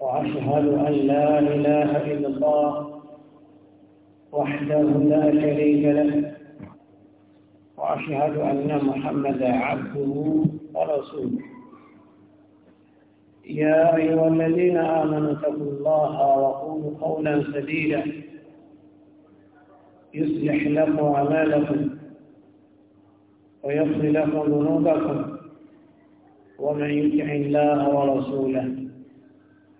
وأشهد أن لا إله إلا الله وحده لا شريك له وأشهد أن محمدا عبده ورسوله يا أيها الذين آمنوا اتقوا الله وقولوا قولا سديدا يصلح لكم أعمالكم ويغفر لكم ذنوبكم ومن يطع الله ورسوله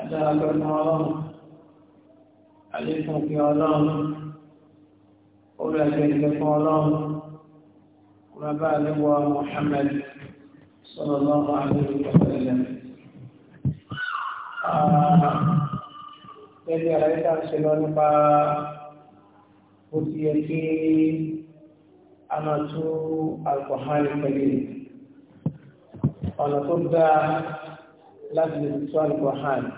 adáragbọ́nà ọlọ́run àlékún fi ọlọ́run orí àgbẹ̀gbẹ̀ fún ọlọ́run kúrọ̀bá àlẹ́wọ̀ Muhammad sallallahu alaihi wa sallam ah, gẹ́gẹ́ ààrẹ tá a ṣe lọ nípa bó ti yẹ kí a máa tú alkọ̀hálì pẹ̀lú ọ̀nà tó dáa láti lè tú alkọ̀hálì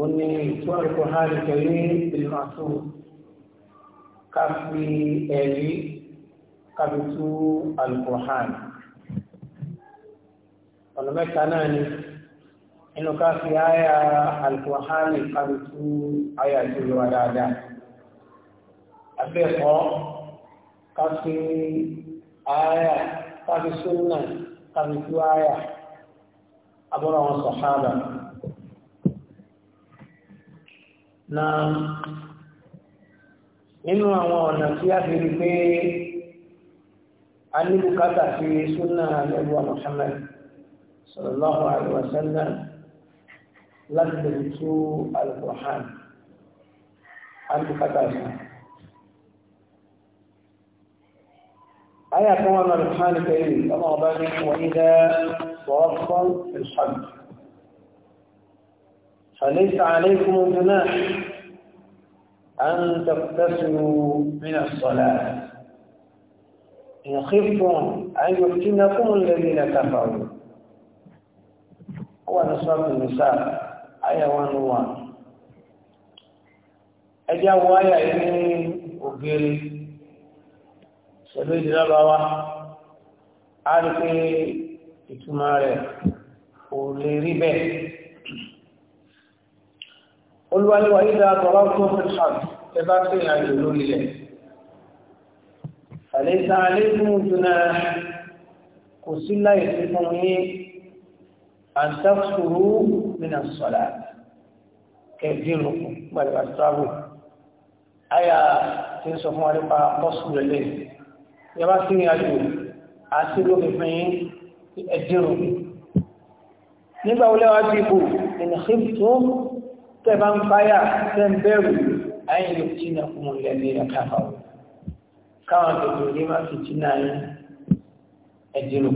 òní ìtọ́rọ̀kọ hàlì kẹrí ìlúmọ̀tò káfí ẹ̀rí káfí tú alukọ̀hán ọ̀nà mẹ́ta náà ni inú káfí àyà alukọ̀hán káfí tú àyà tó lọ dáadáa abẹ́ẹ̀kọ́ káfí àyà káfí súnà na nínú àwọn ọ̀nà tí a fi rí pé a ní bùkátà fi súnà lẹ́gbọ́ Muhammad sallallahu alaihi wasallam láti lè tú al-Qur'an a ní bùkátà sí آية كمان القرآن الكريم الله أبارك وإذا صرفت الحج فليس عليكم جناح أن تقتسموا من الصلاة إن خفتم أن يفتنكم الذين كفروا هو نصرة النساء آية 101 أجاو آية إني أقول سبيل ربوة أعرفي إتماري ولربي قل وإذا ضربتم في الحرب ẹ bá tó ìrìn àjò lórí ilẹ̀ àlẹ́sà àlẹ́kùn jùlọ kò sí láì sí fún yín àtàkùrú nínú sọ̀lá kẹ̀dínlùkù gbàdúrà travel àyà tí ń sọ fún wa nípa pọ́sùn rẹ̀ lẹ́yìn yẹ bá sí ìrìn àjò àti lókè fún yín nígbà wo ti bù ìnìkí tó tẹ́ ń báyà tẹ́ ń bẹ̀rù ayé lè tí náà fún un lẹ́nu ẹ̀káfà o káwọn tòkòrò ní má fi tí náà ní ẹ̀dínlò.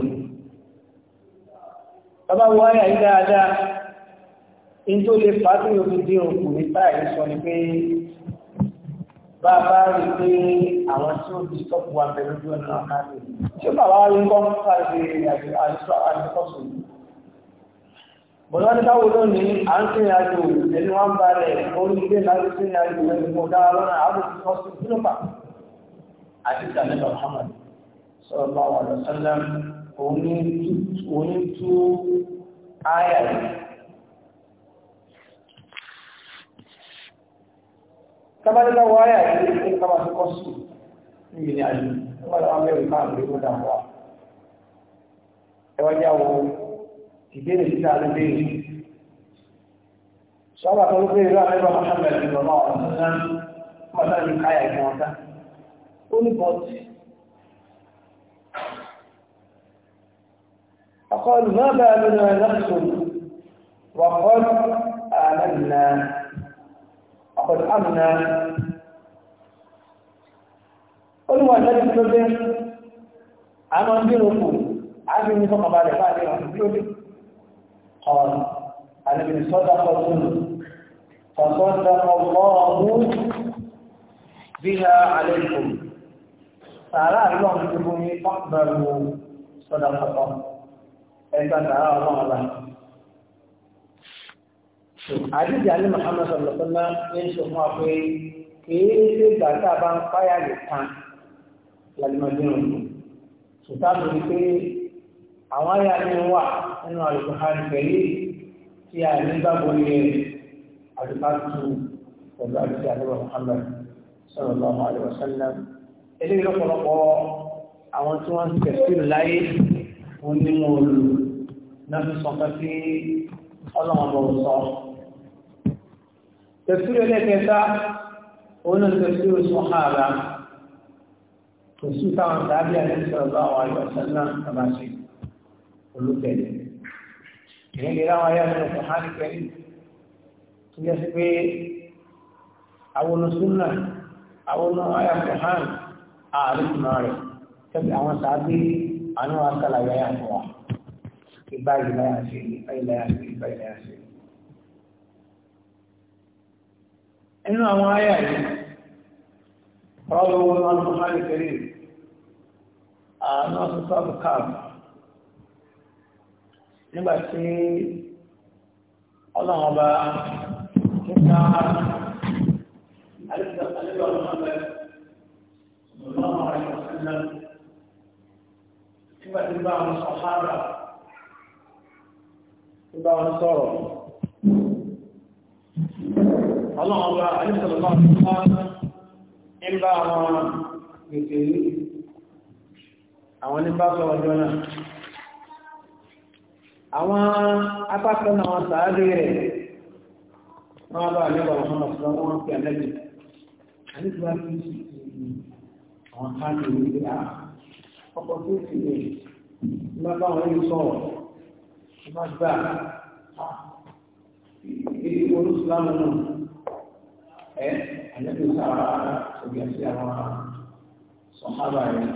bàbá wo ayé yìí dáadáa in tó lè fà á tó yóò fi dín òkú ní táyì sọ ni pé bá rí pé àwọn tí ó di sọ́ọ̀pù wa bẹ̀rù lójú ọ̀nà àkáàtì tí ó bàbá wa ń kọ́ bọ̀dá ní káwò ló ní à ń sìn àjò ẹni wọ́n ń ba rẹ̀ orílẹ̀-èdè láti sìn àjò ẹni mo dára lọ́nà àbòsí ọ̀sìn sílùpà àti ìtàlẹ́bà Muhammad sọ̀rọ̀ bá wà lọ sọ́lá òní tú áyà rẹ̀ tábàdílá wọ áyà rẹ̀ ní káwà sí kọ́sù ní ìrìn àjò wọ́n bá ìbéèrè títà ló béèrè sọ́bà tó béèrè láti bá Muhammad ìrọ̀lá ọ̀rọ̀ náà mọ́tà ní káyà ìfún ọ̀tá ó ní bọ́ọ̀tì أقول ما بالنا نقصد وقد آمنا أقول أمنا قل هو الذي تبدأ أمن بنقول عزم فقط بعد فاتحة في قال عن ابن صدقة فصدق الله بها عليكم تعالى الله يقول فاقبلوا صدقة أنت تعالى الله الله àdìsí alẹ́ Muhammad sọ̀lọ̀sọ́lá ní ṣe fún àpé kìí ṣe gbàtà bá ń fáyà lè kan lálẹ́mọ̀dé ọ̀rọ̀ ṣùgbọ́n mo pé àwọn ayé àti wà nínú àlùkùnrin pẹ̀lú tí a ní gbàgbọ́ ilé àdùkátù pẹ̀lú àti àdúrà Muhammad sallallahu alaihi wasallam eléyìí lọ́pọ̀lọpọ̀ àwọn tí wọ́n ń tẹ̀sí láyé wọn ní mo lò náà fi sọ pé sí ọlọ́run bọ̀ sọ. tẹ̀sí ẹlẹ́kẹta òun náà tẹ̀sí oṣù hàrá tẹ̀sí táwọn tàbí àti sallallahu alaihi wasallam tàbá ṣe olùtẹ̀lé ìyẹn lè ráwọn ayé àwọn ọ̀sán hàn pẹ̀lú tó yẹ sí pé àwọn súnà àwọn ayé àwọn hàn ààrùn náà rẹ̀ tẹ́bí àwọn sáábí àwọn akálàyé àpò wa ìgbà ìlàyà sí ìgbà ìlàyà sí ìgbà ìlàyà sí. inú nígbà tí ọlọ́run ọba tó ká àlejò àlejò ọlọ́run ọba ọlọ́run ọba ìwọ̀sán náà nígbà tí bá wọn sọ ọba ọba àwọn apákan náà wọn sàádé rẹ̀ wọ́n bá àlẹ́bà wọn ọ̀sán wọn fi àlẹ́bì àlẹ́bà fi sí àwọn káàkiri ìwé à ọkọ̀ tó ti rẹ̀ lọ́pàá àwọn ẹni sọ̀rọ̀ má gbà ìdí olùsùlámù náà ẹ àlẹ́bì sára òbí àti àwọn sọ̀hábà rẹ̀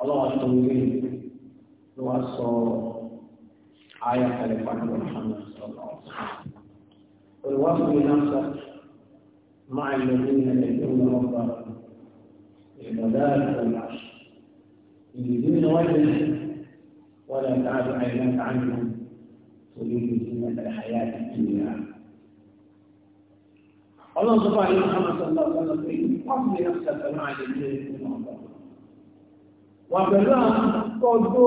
ọlọ́wọ́ tó ń gbé ló wá sọ àyà kalẹ̀ pàdé Muhammad sallallahu alaihi wasallam olùwàsíwì náà sọ máa yọ ní ilẹ̀ tó ń lọ bá ìgbàdá ìgbàlá ìdílé náà wáyé ولا تعد عيناك عنهم تريد زينة الحياة الدنيا الله سبحانه محمد صلى الله عليه وسلم قصد نفسك مع الذين يكون وبلا قدو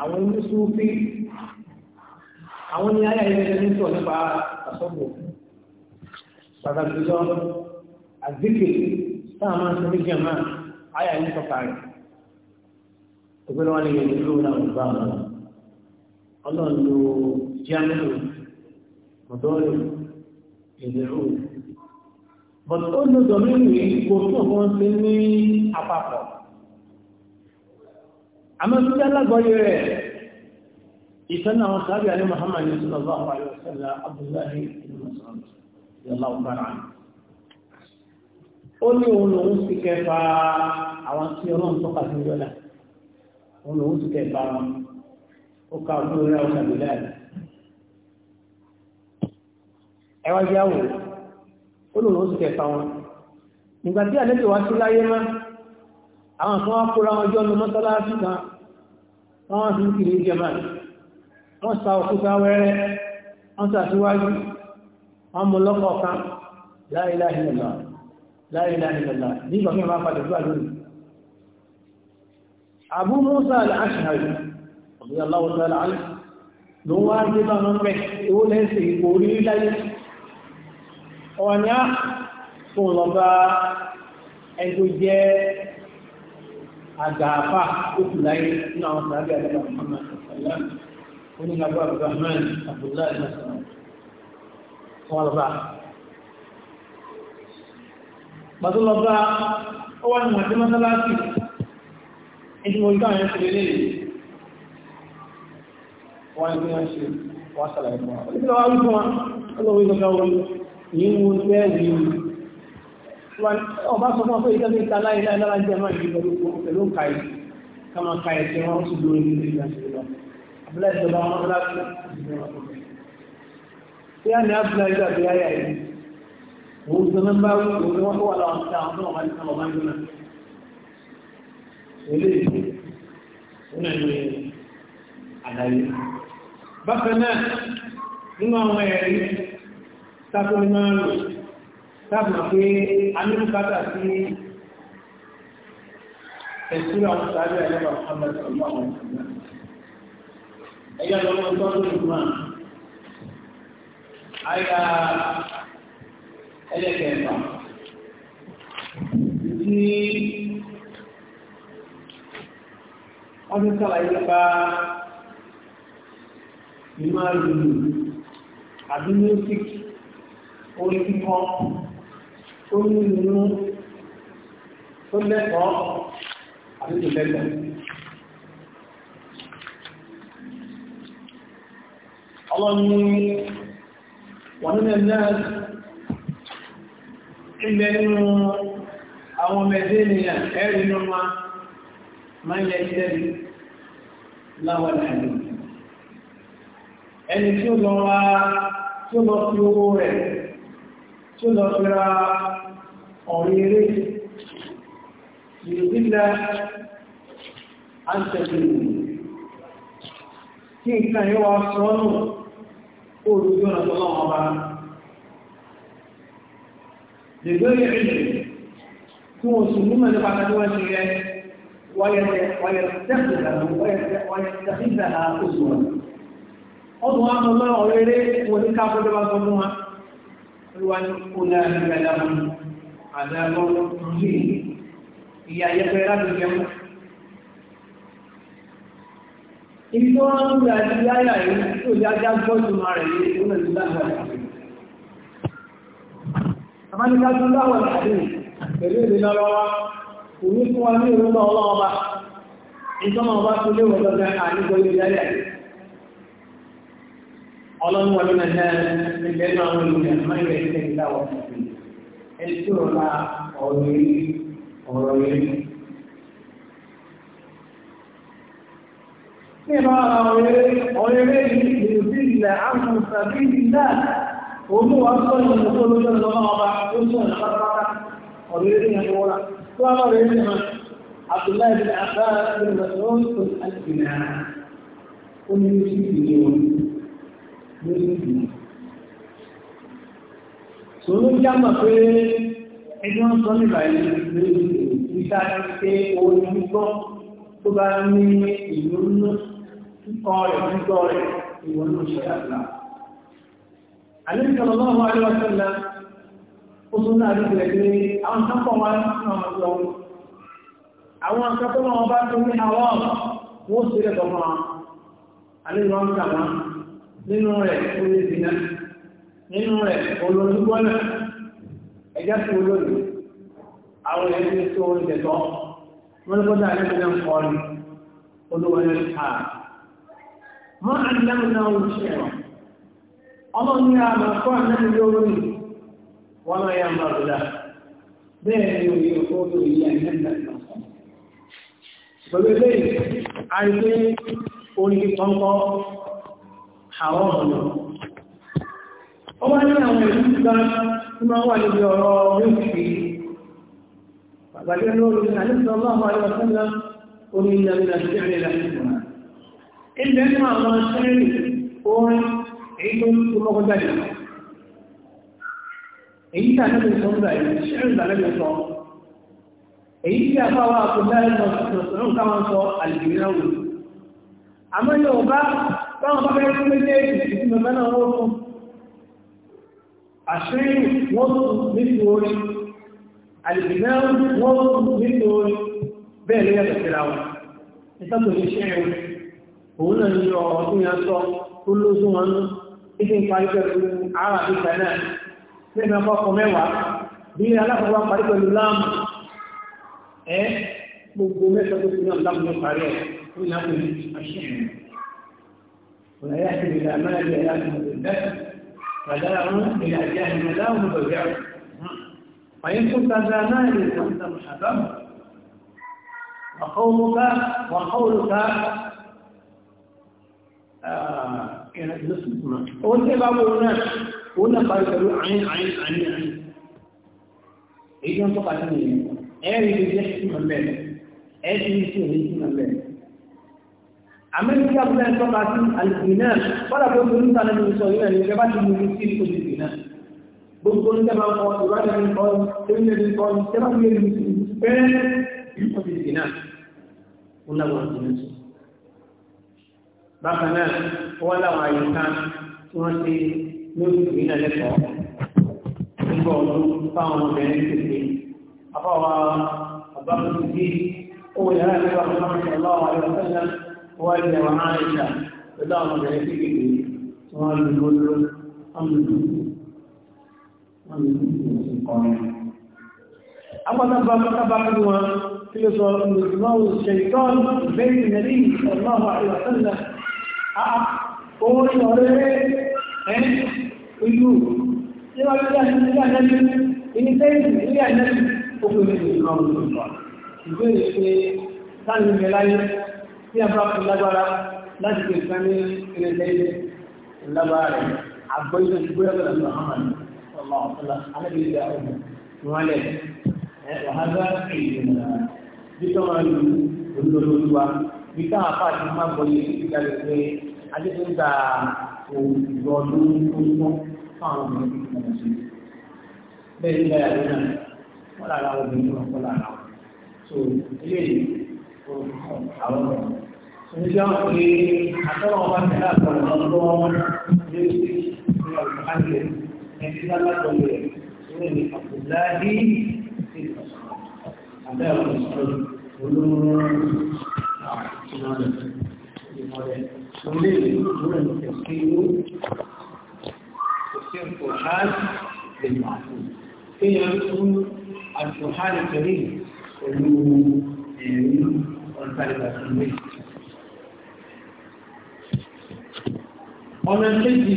àwọn oníṣúfí àwọn ní ayà ilẹ̀ ní sọ nípa àsọ́bò pàtàkì lọ àdíkè sáà máa ń sọ méjì àmà ayà ní sọ kàrí ògbélọ́wọ́ ni yẹn ló náà wọ́n bá wọn ọlọ́run ló jámẹ́lò mọ̀dọ́rẹ̀ ìdẹ̀rù bọ̀t ó lọ dọ̀mí ìwé kò tún ọ̀gbọ́n sí àmọ́ tó jẹ́ lágbọ́yé rẹ̀ na àwọn sábì alẹ́ Muhammad sallallahu alaihi wasallam Abdullahi ibn Mas'ud yallahu ta'ala ó ní òun lòun sì kẹfà àwọn tí ọlọ́run tọ́ka sí yọ́lá ka ọdún àwọn kan wá kóra wọn jọ́nu mọ́sálásí kan wọ́n ti ń kiri jẹma wọ́n sa òkúta wẹ́rẹ́ wọ́n sàtíwájú wọ́n mú lọ́kọ̀ kan la ilaha illallah la ilaha illallah ní ìgbàmí ọmọ apàdé àgbààfà òkùnláyé nínú àwọn sàábì àdúgbò Muhammad sallam onígbàgbọ Abdulrahman Abdullahi nasara wọn lọ bá gbàtó lọ bá ó wà ní màtí mọ́sálásì ẹni mo gbà yẹn ṣe lé wọn ní wọn ṣe wọn ṣàlàyé fún ọba sọ fún ọ pé ìjọba ìta láyé láyé lára jẹ máa ń gbé pẹ̀lú ka ẹ̀ ká máa ka ẹ̀ tí wọ́n sì lórí ní ìgbà sí lọ abúlé ìjọba wọn láti ìgbà wọn. tí a ní abúlé ìjọba àti ayé ayé òun tó ní bá wọn òun ni wọn kó wà láwọn tí àwọn tó wà láti sábà máa ń gbóná. eléyìí wọn náà àdáyé. bákan náà nínú àwọn ẹ̀rí sáfẹ́ máa lò sáàmà pé amínúkátà sí ẹ̀sùn àwọn sáré àyẹ̀wò Muhammad sallallahu alaihi wasallam ẹ̀yà lọ́wọ́ tọ́jú ìgbà àyà ẹlẹ́kẹ̀ẹ́fà tí wọ́n ti sàlàyé nípa ìmọ̀ àrùn àbí music orí kíkọ́ tó nínú tó lẹ́kọ̀ọ́ àti tó lẹ́kọ̀ọ́. wọ́n nílẹ̀ náà ilẹ̀ nínú àwọn ọmọ ẹ̀dẹ́ ẹ̀rì ní ọmọ máa ń yẹ láwọn ẹni tí ó lọ wá tí ó lọ fi owó rẹ̀ tí ó lọ fi ra ìrìnlẹ̀ àtẹ̀lẹ̀ kí nǹkan yíò wá sọ́nù olùgbé ọ̀nà ọba lè ìrìnlẹ̀ tí wọ́n sì mú mẹ́lẹ́ pàtàkì wọ́n ti rẹ̀ wáyẹ̀ tẹ́kìlẹ̀ ولأولئك لهم عذاب مهين ìyá ayẹpẹ láti jẹ mọ́. Ibi tó wọ́n ń gbà ti láyà yìí tó jájá gbọ́jú máa rẹ̀ yìí tó lẹ́nu láwọ̀ àti. Àmáníká tó láwọ̀ àti pẹ̀lú èdè lọ́wọ́ kò fún wa ní ìrúnà ọlọ́ọba. Ìjọba ọba tó léwọ̀ lọ́gbẹ́ ọlọ́run wọn lónà náà nígbà ẹ̀rọ àwọn ènìyàn máa ń yẹ ẹsẹ̀ nígbà wọn fún mi ẹni tí ó ra ọ̀rọ̀ yìí ọ̀rọ̀ yìí. Ṣé ìbá ọ̀rẹ́ rẹ̀ yìí lè sí ilẹ̀ àwọn ìsàbí ìdá òun wà sọ ìrìn tó lójọ́ lọ́wọ́ ọba tó sọ ìrìn pátápátá ọ̀rẹ́ rẹ̀ yẹn wọ́n rà. Tó wá lọ́rẹ̀ yìí náà Abdullahi bin Abbas bin Mas'ud bin Al-Bina. Ó ní sí ìdíwọ̀n. lórí ìgbìmọ̀. Sòrò jábà pé ẹni wọ́n sọ nígbà yìí lórí ìgbìmọ̀ níta pé orin gbígbọ́ tó bá ní ìlú nínú kíkọ́ rẹ̀ gbígbọ́ rẹ̀ ìwọ̀n náà ṣe àgbà. Àlébìkan ọlọ́run Adéwàsọ́lá ó tún náà rí rẹ̀ pé àwọn sápọ̀ wá àwọn akẹ́kọ̀ọ́ wọn bá tún ní àwọn wọ́n nínú rẹ̀ olóòdìnà nínú rẹ̀ olóòdìgbọ́nà ẹjá sí olóòdì àwọn ẹni tí ó ń tẹ̀tọ́ mọ́lẹ́kọ́dá alẹ́kọ́dá ń kọ́ ni olówọ́lẹ́ àà mọ́ àdámúná oṣìṣẹ́ rọ̀ ọmọ ní àmà kọ́ àdámú lórí wọn máa yá máa rọ̀dá bẹ́ẹ̀ ni òye òkúrò yìí àìyẹ́ndà pẹ̀lú ilé àwọn ọ̀nà. Ó wá ní àwọn ìlú gbá tí máa wà níbi ọ̀rọ̀ oríṣi. Bàbáyé lórí àlẹ́sọ̀ ọlọ́run àlọ́sọ́lá omi ìlànà ìṣẹ́rẹ̀ lásìkò. Ilẹ̀ nínú àwọn ṣẹ́rẹ̀ orin èyí tó tó mọ́kọ́ jáde. Èyí tí àlẹ́bẹ̀ sọ ń gbà yìí, ṣẹ́rẹ̀ ìgbàlẹ́bẹ̀ sọ. Èyí tí àfáwà àkùnlẹ́ ẹ̀rọ sọ̀rọ̀ káwọn sọ àlìbìnrin náà wò. Àmọ́ yóò bá táwọn bá bẹ́rẹ̀ méjèèjì ìsinmi mẹ́nà wọ́n fún àṣírí wọ́n tún nítorí àlìbìnà wọ́n tún nítorí bẹ́ẹ̀ lóyẹ̀ tẹ̀síra wọn ìtàkùn iṣẹ́ rẹ̀ òun náà ní ọ̀rọ̀ tó yà sọ tó lóṣù wọn ní ìdí ìparí pẹ̀lú ara àbíkà náà lẹ́nu ọkọ̀ mẹ́wàá bí alákọ̀ọ́bá parí pẹ̀lú láàmù ẹ́ gbogbo mẹ́sàn-án tó ti náà láàmù ní parí ẹ̀ tó yà àṣírí ولا يحسب إلى مال إلى النفس فداعوا إلى جهل لا مبدعوا فإن كنت ذا مال فأنت محرم وقولك وقولك آه، إيه، قلت إيه بعض الناس قلنا قالوا عين عين عين عين إذا إيه أنت قاتلين أي بيجي من بين اللي بيجي من بين عملت يا ابن الفقاسي البناء ولا كنت انت على المسؤولين اللي جبت المسؤولين في البناء بنقول انت ما هو قرار من قول سنة من قول كما هي المسؤولين بين يبقى في البناء قلنا له عبد الناس بقنا هو لو عيسان تنسي نسي من الاسعار نقول نقول بين المسؤولين أفوها أبقى في البناء أولي هذا الله عليه وسلم wọ́n ilé wọn náà ń ṣà pẹ̀lú àwọn ọ̀rẹ́ kékeré tí wọ́n lu lódúró wọ́n lu dúdú wọ́n lu dúdú sí kọ́ni. Akọ́nàbà kọ́nàbà kọ́nà wọn kí ló sọ lùsùmáwò ṣèyítọ́n bẹ́ẹ̀ nàrí ọ̀nàmà ìwàsánà. Owó ni ọ̀rẹ́ ẹ̀ ojú tí wọ́n ti dá sí ilé àjẹ́jú ó pè mí lùsùmáwò ṣèyítọ́n. Ìbéèrè pé sáà tí a bá fi lágbára láti fi nǹkan ní ilẹ̀-ilẹ̀ lágbára rẹ̀ àgbọ́yé gbóyà bẹ̀rẹ̀ ní Muhammad ọmọ ọ̀tọ́lá alábi ìdá ọmọ ìwọ̀nlẹ̀ ọ̀hánà ìdìnnà bí tó máa lu olólùwà bí táwọn afá àti máa gbọ́yé ìgbàlẹ̀ pé adéṣe so eléyìí àwọn ọmọ. Oníṣẹ́ wọn pé àtọ́wọ́ bá ti láàpọ̀ lọ́wọ́ lórí ní ọ̀rọ̀ àgbẹ̀ ẹni lálàtọ̀ rẹ̀ ní ẹni àpòláàdì sí abẹ́ ọ̀rọ̀ ìṣòro olóòrùn àwọn ìmọ̀lẹ̀. Orílẹ̀ èdè lórí ẹ̀sìn ìlú kò sí ẹ̀kọ́ ṣáájú lè máa fún. Kéèyàn tún àtúnhálẹ̀ kẹrin pẹ̀lú ẹ̀rí sáré pàtó ìwé. ọ̀nà méjì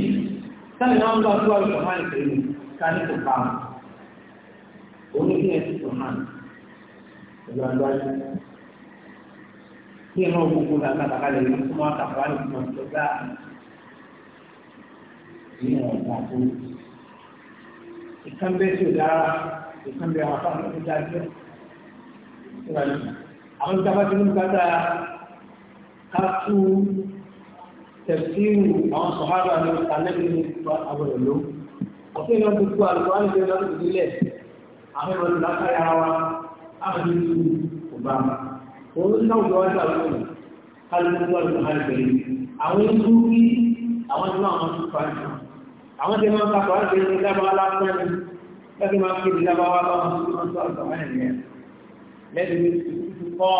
sáré náà ń bá tó àlùkò máa ń tẹ̀lé ká ní kò bá oníkẹ́ ẹ̀sìn tó máa ìgbà ń dájú. kí ẹ̀rọ gbogbo náà ká kàkà lè rí kó máa kà wá nìkan tó dá ìyẹn ọ̀gá tó. ìkànnì tó dára ìkànnì bẹ́ẹ̀ wà tó dájú àwọn ìjọba tí ó ń gbádà káàtù tẹ̀síìrù àwọn sọ̀hárà ní ìtànẹ́bí ní àwọn ìlú ọ̀sẹ̀ ìlú gbogbo àlùkò á ń gbé lọ́dún ìdílé àwọn ìlú látàrí wa àwọn ìlú ọba òun ń dáwùjọ wájú àwọn ìlú kálukú àlùkò á ń gbé àwọn ìlú rí àwọn ìlú àwọn tó fà jù àwọn tí wọ́n kàkọ́ àti ìlú lábọ́ aláfẹ́ ni lọ́dún máa fi ìlú lábọ́ wá bá pọ̀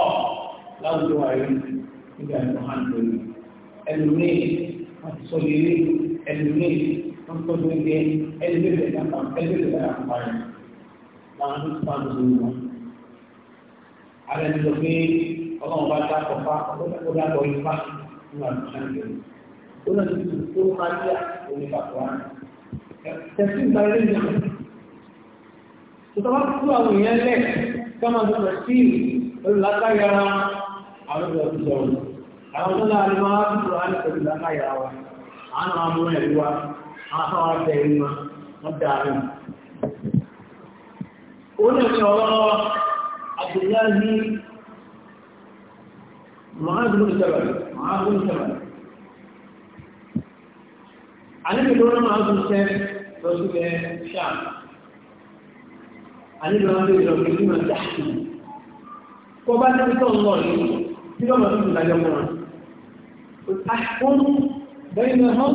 láwùjọ àyè nígbà tó hàn lórí ẹlòmíì wọn ti sọ yẹlé ẹlòmíì wọn tó tó yẹ ẹlòmíì bẹ̀rẹ̀ náà ẹlòmíì bẹ̀rẹ̀ náà pa ẹ̀ máa ń pa lórí wọn. ààrẹ ti sọ pé ọlọ́run bá dá kọ fá ó dá kọ ifá nínú àdúgbò lórí ó náà ti tún tó kájí à onífàkọ́ àná. tẹ̀sí ìgbà ilé ìjọba tó tọ́ bá àwọn èèyàn lẹ̀ kí wọ́n máa lọ sí ìlú olùlágbáyà àwọn ọ̀dọ́ ti sọ̀rọ̀ àwọn tó láàrin máa ń sọ̀rọ̀ á ní pẹ̀lú lágbáyà wa àwọn àwọn amúnà ẹ̀rí wa àwọn afọ́ wa tẹ̀ ẹ̀rí wa wọ́n dà á lọ. ó ní ọ̀sẹ̀ ọ̀rọ̀ kọ bá ní tó ń lọ yìí tí lọ́mọ tó ń lajọ mọ́ àkún bẹ́ẹ̀ ni wọ́n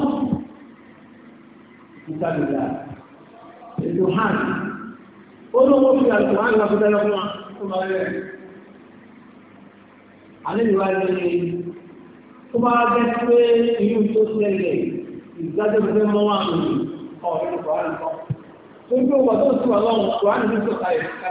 ìtàbílà ètò hàn olówó fi àtò hàn wà fún tẹ́lẹ̀ fún wa tó máa rẹ̀ alẹ́ ìwà rẹ̀ tó bá bẹ́ pé ìlú tó ṣẹlẹ̀ ìgbàjọ́ fẹ́ mọ́ wà ní ọ̀rẹ́ ìwà rẹ̀ tó gbé wà tó ń sùn àlọ́run tó hàn ní sọ̀tà ìfẹ́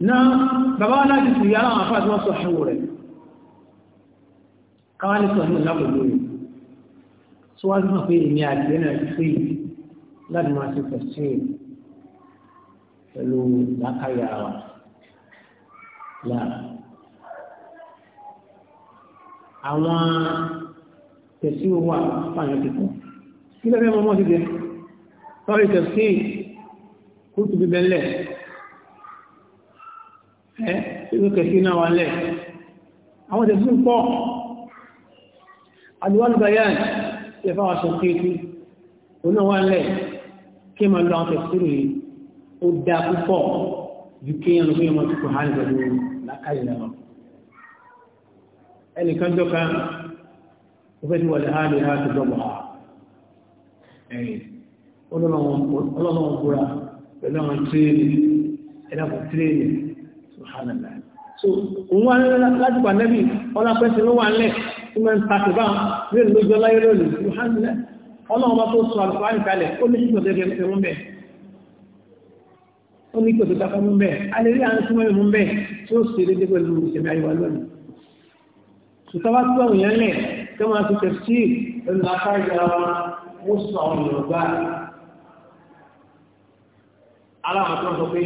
náà bàbá wọn láti sì yára àwọn àfáàtí wọ́n sọ ṣíwò rẹ̀ káwọn ní sọ̀rọ̀ lápòlò rẹ̀ tó wá gbọ́n pé èmi àti ẹ̀nà ìfẹ́ láti máa ti pẹ̀ sí pẹ̀lú lákàyà wa láà àwọn tẹ̀sí wà fáyọ̀ ti kọ́ kí lẹ́fẹ́ mọ́mọ́ ti jẹ́ sọ́rí tẹ̀sí kúrútù bíbẹ̀ lẹ́ẹ̀ ẹ́ ìlú kẹsí náà wà lẹ̀ àwọn tẹ̀sí ń pọ̀ àdúwọ́lù bayan tẹ fáwọn aṣọ kéèkú oná wà lẹ̀ kí ma lọ àwọn ó dá púpọ̀ ju kí ẹnu fún ẹmọ tó kò hàn pẹ̀lú lákàyè náà ẹnìkan jọka ó fẹ́ ti wà ha lè ha ti dọ́gba ọlọ́run búra pẹ̀lú àwọn tírèlì ẹ̀dàkùn tírèlì so òun wá láti pa nẹ́bí ọlápẹ́sẹ̀ ló wà lẹ̀ tí wọ́n ń takò bá rẹ̀ lójú ọláyé lónìí subhanallah ọlọ́run bá tó sọ àlùfáà nìkalẹ̀ ó ní ìgbọ̀dọ̀ ẹgbẹ̀ ẹ̀rún bẹ́ẹ̀ ó ní ìgbọ̀dọ̀ dákọ̀ mú bẹ́ẹ̀ alẹ́ rí àwọn súnmọ́ ìmú bẹ́ẹ̀ tí ó sì dédé pẹ̀lú ìṣẹ̀mí ayé wa lónìí sùtọ́wá tó sọ pé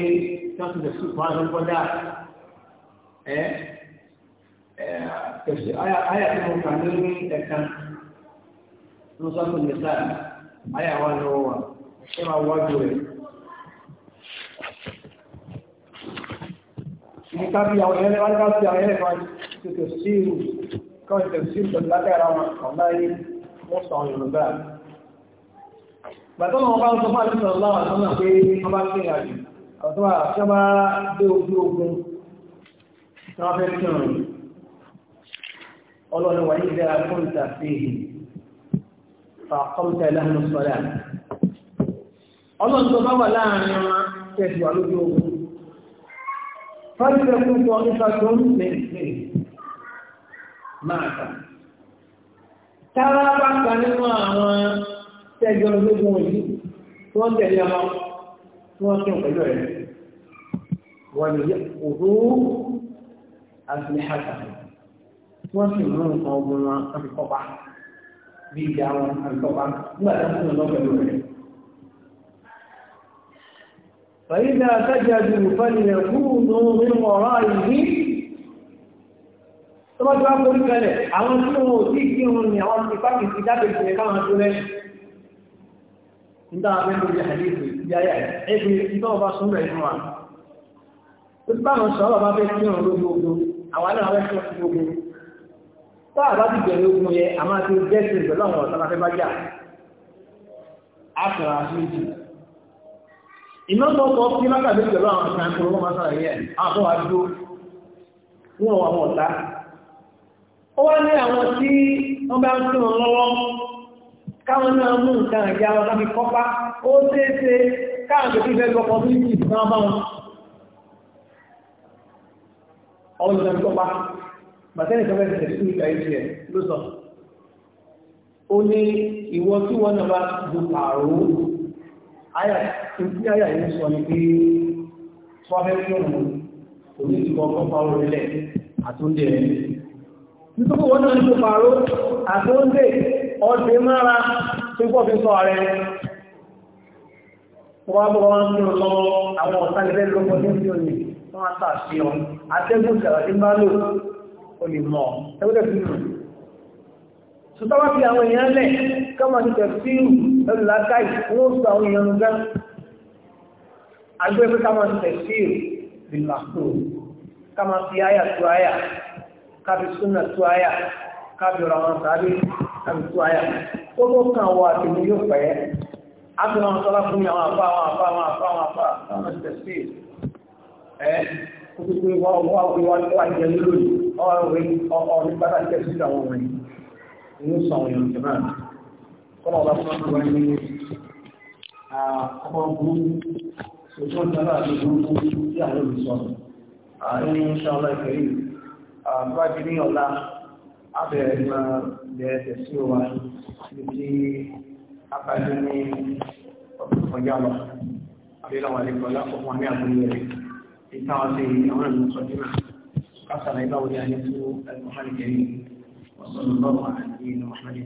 tọ́sí lè sùn fún alọ́gbọ́dá ẹ kẹsì àyà tí mo kà ní ẹ̀ka ló sọ́sì lè sáà àyà wà lọ́wọ́ wa ṣé máa wájú rẹ̀. Ní kábí àwọn ẹlẹ́ wá ní kábí àwọn ẹlẹ́ máa tètè sí irú káwọn tètè sí ìtọ́jú lágbára wọn kàn láyé wọ́n sọ àwọn Yorùbá. Gbàtọ́ lọ́wọ́ bá ń sọ fún àdúgbò láwọn àtọ́nà pé wọ́n bá ń àwọn tó bá ṣe bá dé ojú ogun tí wọ́n fẹ́ kírun ọlọ́run wà nígbà kọ́ńtà fèhì fàkọ́ńtà ìlànà sọ́dà ọlọ́run tó bá wà láàrin wọn tẹ̀sí wà lójú ogun fábílẹ̀ fún wọn nípa tó ń bá kà nínú àwọn tẹ́jọ́ lójú yìí tó ń tẹ̀lé wọn tí wọ́n kí pẹ̀lú ẹ̀ wọ́n lè òhú àfihàtà tí wọ́n sì mú nǹkan ogun wọn àfikọ́pá bí ìjà wọn àfikọ́pá nígbà tí wọ́n lọ rẹ̀ nígbà abẹ́lú ilé àdíkù ìyáyà ẹgbẹ́ ìtọ́ ọba súnmọ̀ ìfún wa ó ti báwọn sọ́rọ̀ bá fẹ́ kí ọ̀rọ̀ gbogbo àwọn náà wẹ́ fún gbogbo tó àbá ti bẹ̀rẹ̀ ogun yẹ a máa ti gẹ́sì pẹ̀lú àwọn ọ̀tọ́ láfẹ́ bá jà áfẹ́ra méjì iná tó kọ́ kí lákàdé pẹ̀lú àwọn kan tó wọ́n máa sára yẹ àbọ̀ àdó wọn àwọn ọ̀tá ó wá ní àwọn tí wọ́n bá ń tún lọ́wọ́ káwọn náà mú nǹkan ìyá wọn láti kọ́pá ó tẹ́ẹ̀tẹ́ káwọn tó fífẹ́ lọ community náà bá wọn ọwọ́ ìjọba kọ́pá bàtẹ́nì kan fẹ́ẹ́ tẹ̀sí ìgbà ìjì ẹ̀ ló sọ ó ní ìwọ tí wọ́n náà bá du pààrọ̀ àyà tí àyà ọdẹ mara tó gbọ́ fi sọ ààrẹ wọ́n bọ́ wọ́n tí ó lọ àwọn ọ̀tá ilẹ̀ lọ́pọ̀ ní ìdí òní wọ́n á tà sí ọ atẹ́gùn ìjàrà tí bá lò ó lè mọ̀ ẹgbẹ́ fi rù sùtọ́wọ́ fi àwọn èèyàn lẹ̀ kọ́mọ̀ ti tẹ̀sí ẹlù lákàì wọ́n sọ kábi súnà tó áyà kábi ọ̀rọ̀ àwọn sáré àbí tó àyà tó tó kàn wọ àtẹ̀mí yóò pẹ́ àti àwọn sọ́lá fún mi àwọn àfá àwọn àfá àwọn àfá àwọn àfá àwọn ìtẹ̀sí ẹ̀ kó tó pé wọ́n wọ́n wọ́n wọ́n wọ́n jẹ lórí ọ̀rẹ́ ọ̀rẹ́ pátá tẹ̀sí àwọn wọ̀nyí inú sọ̀rọ̀ yàn jẹ́ náà kọ́nà ọ̀la fún àwọn ẹni ọmọ ogun ojú ọjọ́ náà ló burúkú tí àwọn olùsọ̀rọ̀ àárín ìṣọ́lá ìkẹyìn àbájú ní ọ̀la abẹ̀rẹ̀ máa bẹ̀rẹ̀ tẹ̀sí wa níbi abájú ní ọdún kọjá lọ abẹ́láwà lè kọjá fún àmì àbúrú rẹ̀ ìta ọ̀sẹ̀ àwọn ẹ̀mí sọ́júmà kásàrà ìbáwò ní ayé fún ẹ̀mọ́hánì kẹrin وصلى الله على نبينا محمد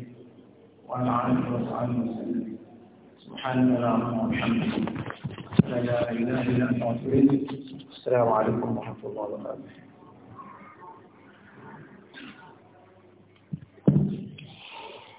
وعلى اله وصحبه وسلم سبحانك اللهم وبحمدك لا اله الا انت السلام عليكم ورحمه الله وبركاته